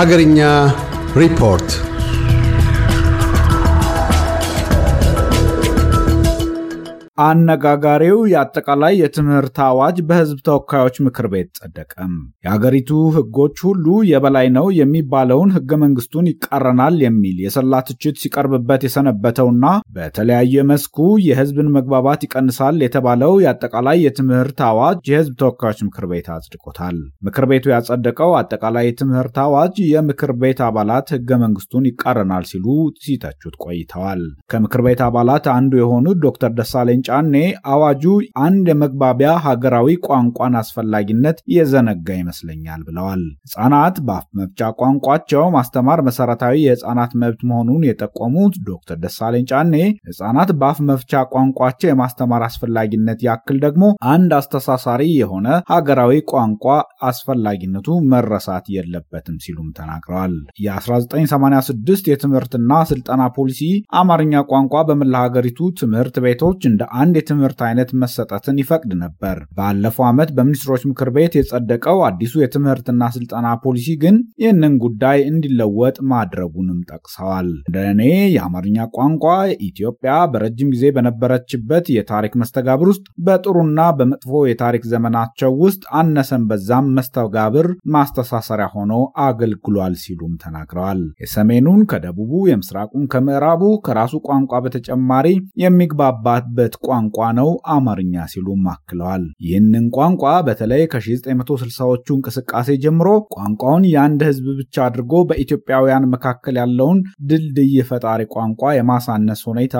ሀገርኛ ሪፖርት አነጋጋሪው የአጠቃላይ የትምህርት አዋጅ በህዝብ ተወካዮች ምክር ቤት ጸደቀም። የአገሪቱ ህጎች ሁሉ የበላይ ነው የሚባለውን ህገ መንግስቱን ይቃረናል የሚል የሰላ ትችት ሲቀርብበት የሰነበተውና በተለያየ መስኩ የህዝብን መግባባት ይቀንሳል የተባለው የአጠቃላይ የትምህርት አዋጅ የህዝብ ተወካዮች ምክር ቤት አጽድቆታል። ምክር ቤቱ ያጸደቀው አጠቃላይ የትምህርት አዋጅ የምክር ቤት አባላት ህገ መንግስቱን ይቃረናል ሲሉ ሲተቹት ቆይተዋል። ከምክር ቤት አባላት አንዱ የሆኑት ዶክተር ደሳለኝ ጫኔ አዋጁ አንድ የመግባቢያ ሀገራዊ ቋንቋን አስፈላጊነት የዘነጋ ይመስለኛል ብለዋል። ህጻናት በአፍ መፍቻ ቋንቋቸው ማስተማር መሰረታዊ የህጻናት መብት መሆኑን የጠቆሙት ዶክተር ደሳለኝ ጫኔ ህጻናት በአፍ መፍቻ ቋንቋቸው የማስተማር አስፈላጊነት ያክል ደግሞ አንድ አስተሳሳሪ የሆነ ሀገራዊ ቋንቋ አስፈላጊነቱ መረሳት የለበትም ሲሉም ተናግረዋል። የ1986 የትምህርትና ስልጠና ፖሊሲ አማርኛ ቋንቋ በመላ ሀገሪቱ ትምህርት ቤቶች እንደ አንድ የትምህርት አይነት መሰጠትን ይፈቅድ ነበር። ባለፈው ዓመት በሚኒስትሮች ምክር ቤት የጸደቀው አዲሱ የትምህርትና ስልጠና ፖሊሲ ግን ይህንን ጉዳይ እንዲለወጥ ማድረጉንም ጠቅሰዋል። እንደ እኔ የአማርኛ ቋንቋ ኢትዮጵያ በረጅም ጊዜ በነበረችበት የታሪክ መስተጋብር ውስጥ በጥሩና በመጥፎ የታሪክ ዘመናቸው ውስጥ አነሰን በዛም መስተጋብር ማስተሳሰሪያ ሆኖ አገልግሏል ሲሉም ተናግረዋል። የሰሜኑን ከደቡቡ፣ የምስራቁን ከምዕራቡ ከራሱ ቋንቋ በተጨማሪ የሚግባባበት ቋንቋ ነው አማርኛ ሲሉም አክለዋል። ይህንን ቋንቋ በተለይ ከ1960ዎቹ እንቅስቃሴ ጀምሮ ቋንቋውን የአንድ ህዝብ ብቻ አድርጎ በኢትዮጵያውያን መካከል ያለውን ድልድይ ፈጣሪ ቋንቋ የማሳነስ ሁኔታ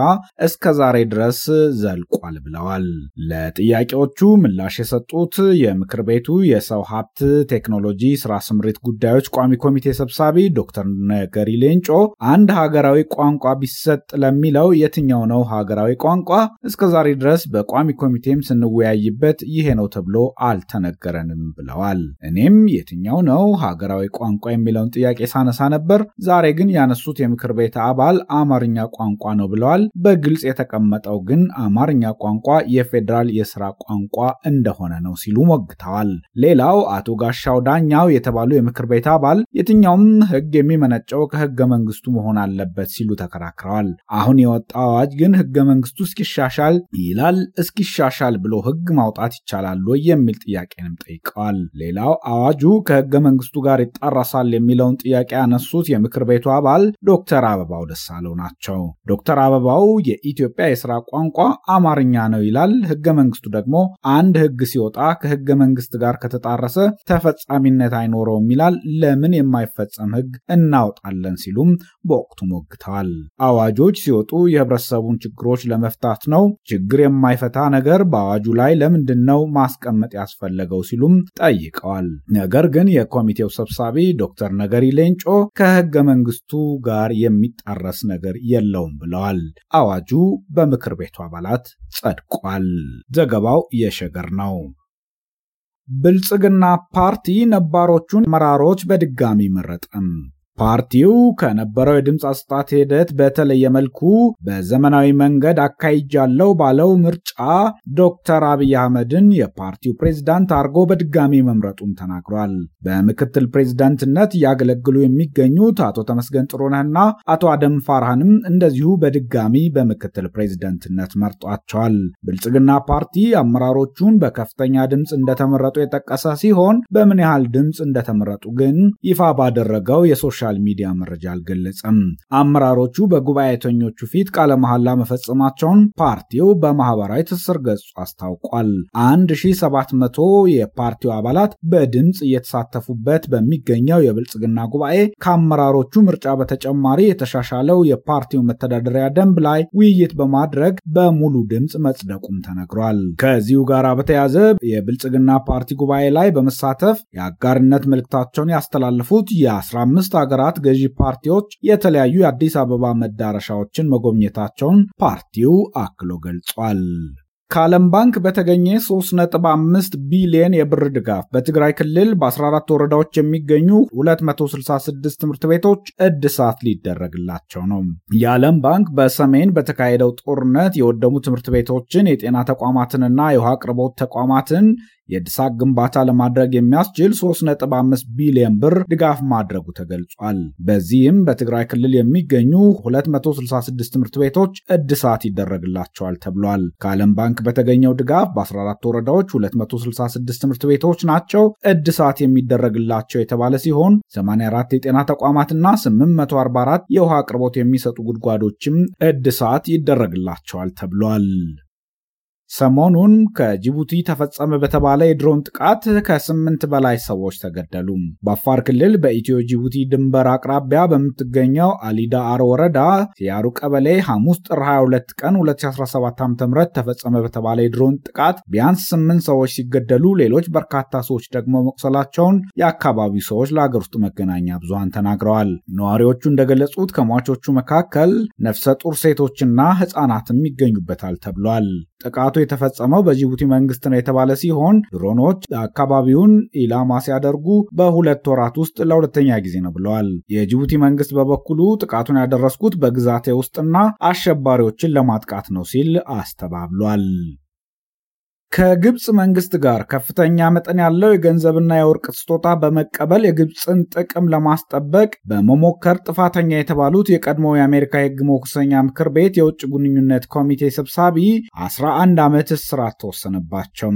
እስከ ዛሬ ድረስ ዘልቋል ብለዋል። ለጥያቄዎቹ ምላሽ የሰጡት የምክር ቤቱ የሰው ሀብት ቴክኖሎጂ ስራ ስምሪት ጉዳዮች ቋሚ ኮሚቴ ሰብሳቢ ዶክተር ነገሪ ሌንጮ አንድ ሀገራዊ ቋንቋ ቢሰጥ ለሚለው የትኛው ነው ሀገራዊ ቋንቋ እስከ ዛሬ ድረስ በቋሚ ኮሚቴም ስንወያይበት ይሄ ነው ተብሎ አልተነገረንም ብለዋል። እኔም የትኛው ነው ሀገራዊ ቋንቋ የሚለውን ጥያቄ ሳነሳ ነበር። ዛሬ ግን ያነሱት የምክር ቤት አባል አማርኛ ቋንቋ ነው ብለዋል። በግልጽ የተቀመጠው ግን አማርኛ ቋንቋ የፌዴራል የስራ ቋንቋ እንደሆነ ነው ሲሉ ሞግተዋል። ሌላው አቶ ጋሻው ዳኛው የተባሉ የምክር ቤት አባል የትኛውም ህግ የሚመነጨው ከህገ መንግስቱ መሆን አለበት ሲሉ ተከራክረዋል። አሁን የወጣው አዋጅ ግን ህገ መንግስቱ እስኪሻሻል ይላል እስኪሻሻል ብሎ ህግ ማውጣት ይቻላል ወይ የሚል ጥያቄንም ጠይቀዋል። ሌላው አዋጁ ከህገ መንግስቱ ጋር ይጣረሳል የሚለውን ጥያቄ ያነሱት የምክር ቤቱ አባል ዶክተር አበባው ደሳለው ናቸው። ዶክተር አበባው የኢትዮጵያ የስራ ቋንቋ አማርኛ ነው ይላል ህገ መንግስቱ ደግሞ አንድ ህግ ሲወጣ ከህገ መንግስት ጋር ከተጣረሰ ተፈጻሚነት አይኖረውም ይላል። ለምን የማይፈጸም ህግ እናወጣለን ሲሉም በወቅቱ ሞግተዋል። አዋጆች ሲወጡ የህብረተሰቡን ችግሮች ለመፍታት ነው ችግር የማይፈታ ነገር በአዋጁ ላይ ለምንድን ነው ማስቀመጥ ያስፈለገው ሲሉም ጠይቀዋል። ነገር ግን የኮሚቴው ሰብሳቢ ዶክተር ነገሪ ሌንጮ ከህገ መንግስቱ ጋር የሚጣረስ ነገር የለውም ብለዋል። አዋጁ በምክር ቤቱ አባላት ጸድቋል። ዘገባው የሸገር ነው። ብልጽግና ፓርቲ ነባሮቹን መራሮች በድጋሚ መረጠም። ፓርቲው ከነበረው የድምፅ አሰጣጥ ሂደት በተለየ መልኩ በዘመናዊ መንገድ አካሂጃለሁ ባለው ምርጫ ዶክተር አብይ አህመድን የፓርቲው ፕሬዝዳንት አድርጎ በድጋሚ መምረጡን ተናግሯል። በምክትል ፕሬዝዳንትነት እያገለግሉ የሚገኙት አቶ ተመስገን ጥሩነህና አቶ አደም ፋርሃንም እንደዚሁ በድጋሚ በምክትል ፕሬዝዳንትነት መርጧቸዋል። ብልጽግና ፓርቲ አመራሮቹን በከፍተኛ ድምፅ እንደተመረጡ የጠቀሰ ሲሆን በምን ያህል ድምፅ እንደተመረጡ ግን ይፋ ባደረገው የሶሻል ለሶሻል ሚዲያ መረጃ አልገለጸም። አመራሮቹ በጉባኤተኞቹ ፊት ቃለ መሐላ መፈጸማቸውን ፓርቲው በማህበራዊ ትስስር ገጹ አስታውቋል። 1700 የፓርቲው አባላት በድምፅ እየተሳተፉበት በሚገኘው የብልጽግና ጉባኤ ከአመራሮቹ ምርጫ በተጨማሪ የተሻሻለው የፓርቲው መተዳደሪያ ደንብ ላይ ውይይት በማድረግ በሙሉ ድምፅ መጽደቁም ተነግሯል። ከዚሁ ጋር በተያዘ የብልጽግና ፓርቲ ጉባኤ ላይ በመሳተፍ የአጋርነት መልእክታቸውን ያስተላለፉት የ15 ሀገራት ገዢ ፓርቲዎች የተለያዩ የአዲስ አበባ መዳረሻዎችን መጎብኘታቸውን ፓርቲው አክሎ ገልጿል። ከዓለም ባንክ በተገኘ 3.5 ቢሊየን የብር ድጋፍ በትግራይ ክልል በ14 ወረዳዎች የሚገኙ 266 ትምህርት ቤቶች እድሳት ሊደረግላቸው ነው። የዓለም ባንክ በሰሜን በተካሄደው ጦርነት የወደሙ ትምህርት ቤቶችን፣ የጤና ተቋማትንና የውሃ አቅርቦት ተቋማትን የእድሳት ግንባታ ለማድረግ የሚያስችል 3.5 ቢሊዮን ብር ድጋፍ ማድረጉ ተገልጿል። በዚህም በትግራይ ክልል የሚገኙ 266 ትምህርት ቤቶች እድሳት ይደረግላቸዋል ተብሏል። ከዓለም ባንክ በተገኘው ድጋፍ በ14 ወረዳዎች 266 ትምህርት ቤቶች ናቸው እድሳት የሚደረግላቸው የተባለ ሲሆን 84 የጤና ተቋማትና 844 የውሃ አቅርቦት የሚሰጡ ጉድጓዶችም እድሳት ይደረግላቸዋል ተብሏል። ሰሞኑን ከጅቡቲ ተፈጸመ በተባለ የድሮን ጥቃት ከስምንት በላይ ሰዎች ተገደሉ። በአፋር ክልል በኢትዮ ጅቡቲ ድንበር አቅራቢያ በምትገኘው አሊዳ አር ወረዳ ሲያሩ ቀበሌ ሐሙስ ጥር 22 ቀን 2017 ዓ.ም ተፈጸመ በተባለ የድሮን ጥቃት ቢያንስ ስምንት ሰዎች ሲገደሉ ሌሎች በርካታ ሰዎች ደግሞ መቁሰላቸውን የአካባቢው ሰዎች ለአገር ውስጥ መገናኛ ብዙሃን ተናግረዋል። ነዋሪዎቹ እንደገለጹት ከሟቾቹ መካከል ነፍሰ ጡር ሴቶችና ህጻናትም ይገኙበታል ተብሏል። ጥቃቱ የተፈጸመው በጅቡቲ መንግስት ነው የተባለ ሲሆን ድሮኖች አካባቢውን ኢላማ ሲያደርጉ በሁለት ወራት ውስጥ ለሁለተኛ ጊዜ ነው ብለዋል። የጅቡቲ መንግስት በበኩሉ ጥቃቱን ያደረስኩት በግዛቴ ውስጥና አሸባሪዎችን ለማጥቃት ነው ሲል አስተባብሏል። ከግብፅ መንግስት ጋር ከፍተኛ መጠን ያለው የገንዘብና የወርቅ ስጦታ በመቀበል የግብፅን ጥቅም ለማስጠበቅ በመሞከር ጥፋተኛ የተባሉት የቀድሞው የአሜሪካ የህግ መወሰኛ ምክር ቤት የውጭ ግንኙነት ኮሚቴ ሰብሳቢ 11 ዓመት እስራት ተወሰነባቸው።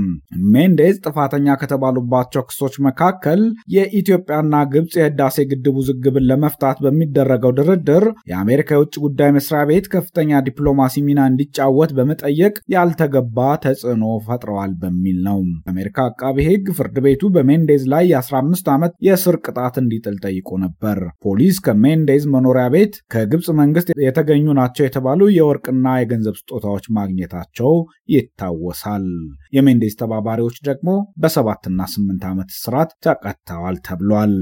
ሜንዴዝ ጥፋተኛ ከተባሉባቸው ክሶች መካከል የኢትዮጵያና ግብፅ የህዳሴ ግድብ ውዝግብን ለመፍታት በሚደረገው ድርድር የአሜሪካ የውጭ ጉዳይ መስሪያ ቤት ከፍተኛ ዲፕሎማሲ ሚና እንዲጫወት በመጠየቅ ያልተገባ ተጽዕኖ ፈጥ ተቆጣጥረዋል በሚል ነው። የአሜሪካ አቃቢ ሕግ ፍርድ ቤቱ በሜንዴዝ ላይ የ15 ዓመት የእስር ቅጣት እንዲጥል ጠይቆ ነበር። ፖሊስ ከሜንዴዝ መኖሪያ ቤት ከግብፅ መንግስት የተገኙ ናቸው የተባሉ የወርቅና የገንዘብ ስጦታዎች ማግኘታቸው ይታወሳል። የሜንዴዝ ተባባሪዎች ደግሞ በሰባትና ስምንት ዓመት እስራት ተቀጥተዋል ተብሏል።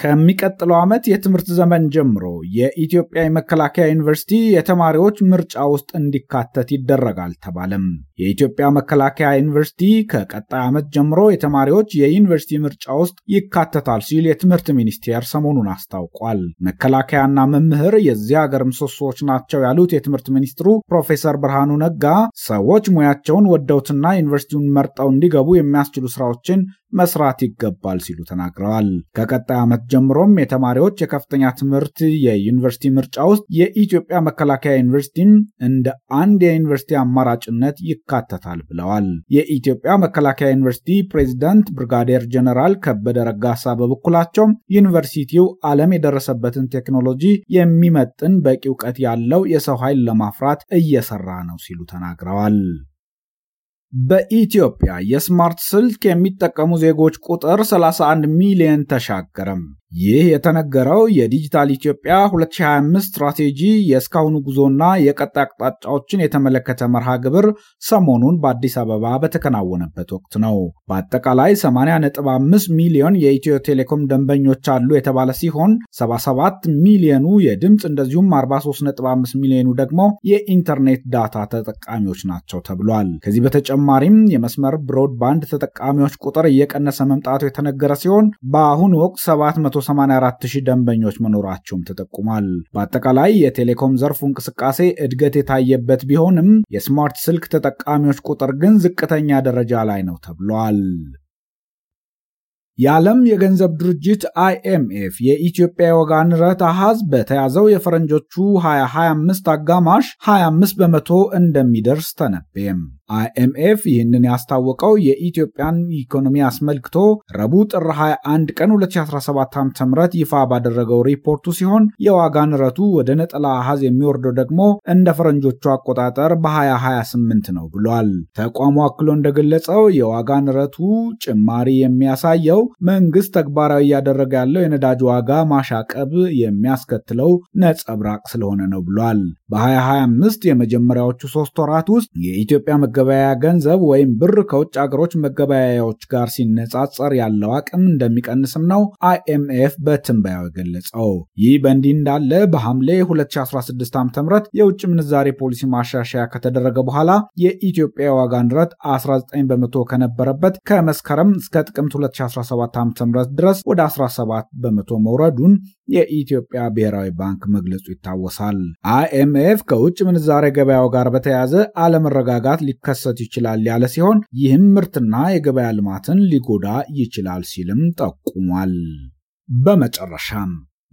ከሚቀጥለው ዓመት የትምህርት ዘመን ጀምሮ የኢትዮጵያ የመከላከያ ዩኒቨርሲቲ የተማሪዎች ምርጫ ውስጥ እንዲካተት ይደረጋል ተባለም። የኢትዮጵያ መከላከያ ዩኒቨርሲቲ ከቀጣይ ዓመት ጀምሮ የተማሪዎች የዩኒቨርሲቲ ምርጫ ውስጥ ይካተታል ሲል የትምህርት ሚኒስቴር ሰሞኑን አስታውቋል። መከላከያና መምህር የዚህ ሀገር ምሰሶዎች ናቸው ያሉት የትምህርት ሚኒስትሩ ፕሮፌሰር ብርሃኑ ነጋ ሰዎች ሙያቸውን ወደውትና ዩኒቨርሲቲውን መርጠው እንዲገቡ የሚያስችሉ ስራዎችን መስራት ይገባል ሲሉ ተናግረዋል። ከቀጣይ ዓመት ጀምሮም የተማሪዎች የከፍተኛ ትምህርት የዩኒቨርሲቲ ምርጫ ውስጥ የኢትዮጵያ መከላከያ ዩኒቨርሲቲን እንደ አንድ የዩኒቨርሲቲ አማራጭነት ይካተታል ብለዋል። የኢትዮጵያ መከላከያ ዩኒቨርሲቲ ፕሬዚዳንት ብርጋዴር ጀነራል ከበደ ረጋሳ በበኩላቸው ዩኒቨርሲቲው ዓለም የደረሰበትን ቴክኖሎጂ የሚመጥን በቂ እውቀት ያለው የሰው ኃይል ለማፍራት እየሰራ ነው ሲሉ ተናግረዋል። በኢትዮጵያ የስማርት ስልክ የሚጠቀሙ ዜጎች ቁጥር 31 ሚሊዮን ተሻገረም። ይህ የተነገረው የዲጂታል ኢትዮጵያ 2025 ስትራቴጂ የእስካሁኑ ጉዞና የቀጣይ አቅጣጫዎችን የተመለከተ መርሃ ግብር ሰሞኑን በአዲስ አበባ በተከናወነበት ወቅት ነው። በአጠቃላይ 85 ሚሊዮን የኢትዮ ቴሌኮም ደንበኞች አሉ የተባለ ሲሆን 77 ሚሊዮኑ የድምፅ እንደዚሁም 43.5 ሚሊዮኑ ደግሞ የኢንተርኔት ዳታ ተጠቃሚዎች ናቸው ተብሏል። ከዚህ በተጨማሪም የመስመር ብሮድባንድ ተጠቃሚዎች ቁጥር እየቀነሰ መምጣቱ የተነገረ ሲሆን በአሁኑ ወቅት 184,000 ደንበኞች መኖራቸውም ተጠቁሟል። በአጠቃላይ የቴሌኮም ዘርፉ እንቅስቃሴ እድገት የታየበት ቢሆንም የስማርት ስልክ ተጠቃሚዎች ቁጥር ግን ዝቅተኛ ደረጃ ላይ ነው ተብሏል። የዓለም የገንዘብ ድርጅት አይኤምኤፍ የኢትዮጵያ የዋጋ ንረት አሃዝ በተያዘው የፈረንጆቹ 2025 አጋማሽ 25 በመቶ እንደሚደርስ ተነበየም። አይኤምኤፍ ይህንን ያስታወቀው የኢትዮጵያን ኢኮኖሚ አስመልክቶ ረቡዕ ጥር 21 ቀን 2017 ዓ ም ይፋ ባደረገው ሪፖርቱ ሲሆን የዋጋ ንረቱ ወደ ነጠላ አሃዝ የሚወርደው ደግሞ እንደ ፈረንጆቹ አቆጣጠር በ2028 ነው ብሏል። ተቋሙ አክሎ እንደገለጸው የዋጋ ንረቱ ጭማሪ የሚያሳየው መንግስት ተግባራዊ እያደረገ ያለው የነዳጅ ዋጋ ማሻቀብ የሚያስከትለው ነጸብራቅ ስለሆነ ነው ብሏል። በ2025 የመጀመሪያዎቹ ሶስት ወራት ውስጥ የኢትዮጵያ መገ መገበያያ ገንዘብ ወይም ብር ከውጭ አገሮች መገበያያዎች ጋር ሲነጻጸር ያለው አቅም እንደሚቀንስም ነው አይኤምኤፍ በትንበያው የገለጸው። ይህ በእንዲህ እንዳለ በሐምሌ 2016 ዓ ም የውጭ ምንዛሬ ፖሊሲ ማሻሻያ ከተደረገ በኋላ የኢትዮጵያ ዋጋ ንረት 19 በመቶ ከነበረበት ከመስከረም እስከ ጥቅምት 2017 ዓ ም ድረስ ወደ 17 በመቶ መውረዱን የኢትዮጵያ ብሔራዊ ባንክ መግለጹ ይታወሳል። አይኤምኤፍ ከውጭ ምንዛሬ ገበያው ጋር በተያያዘ አለመረጋጋት ሊከሰት ይችላል ያለ ሲሆን ይህም ምርትና የገበያ ልማትን ሊጎዳ ይችላል ሲልም ጠቁሟል። በመጨረሻም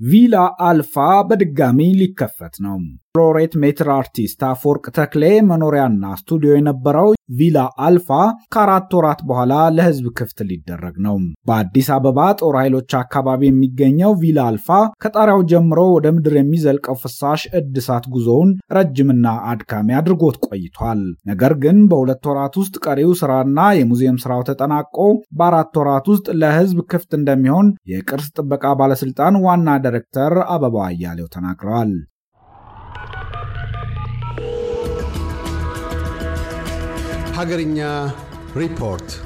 ቪላ አልፋ በድጋሚ ሊከፈት ነው። ሎሬት ሜትር አርቲስት አፈወርቅ ተክሌ መኖሪያና ስቱዲዮ የነበረው ቪላ አልፋ ከአራት ወራት በኋላ ለህዝብ ክፍት ሊደረግ ነው። በአዲስ አበባ ጦር ኃይሎች አካባቢ የሚገኘው ቪላ አልፋ ከጣሪያው ጀምሮ ወደ ምድር የሚዘልቀው ፍሳሽ እድሳት ጉዞውን ረጅምና አድካሚ አድርጎት ቆይቷል። ነገር ግን በሁለት ወራት ውስጥ ቀሪው ስራና የሙዚየም ስራው ተጠናቆ በአራት ወራት ውስጥ ለህዝብ ክፍት እንደሚሆን የቅርስ ጥበቃ ባለስልጣን ዋና ዳይሬክተር አበባው አያሌው ተናግረዋል። Hagernya Report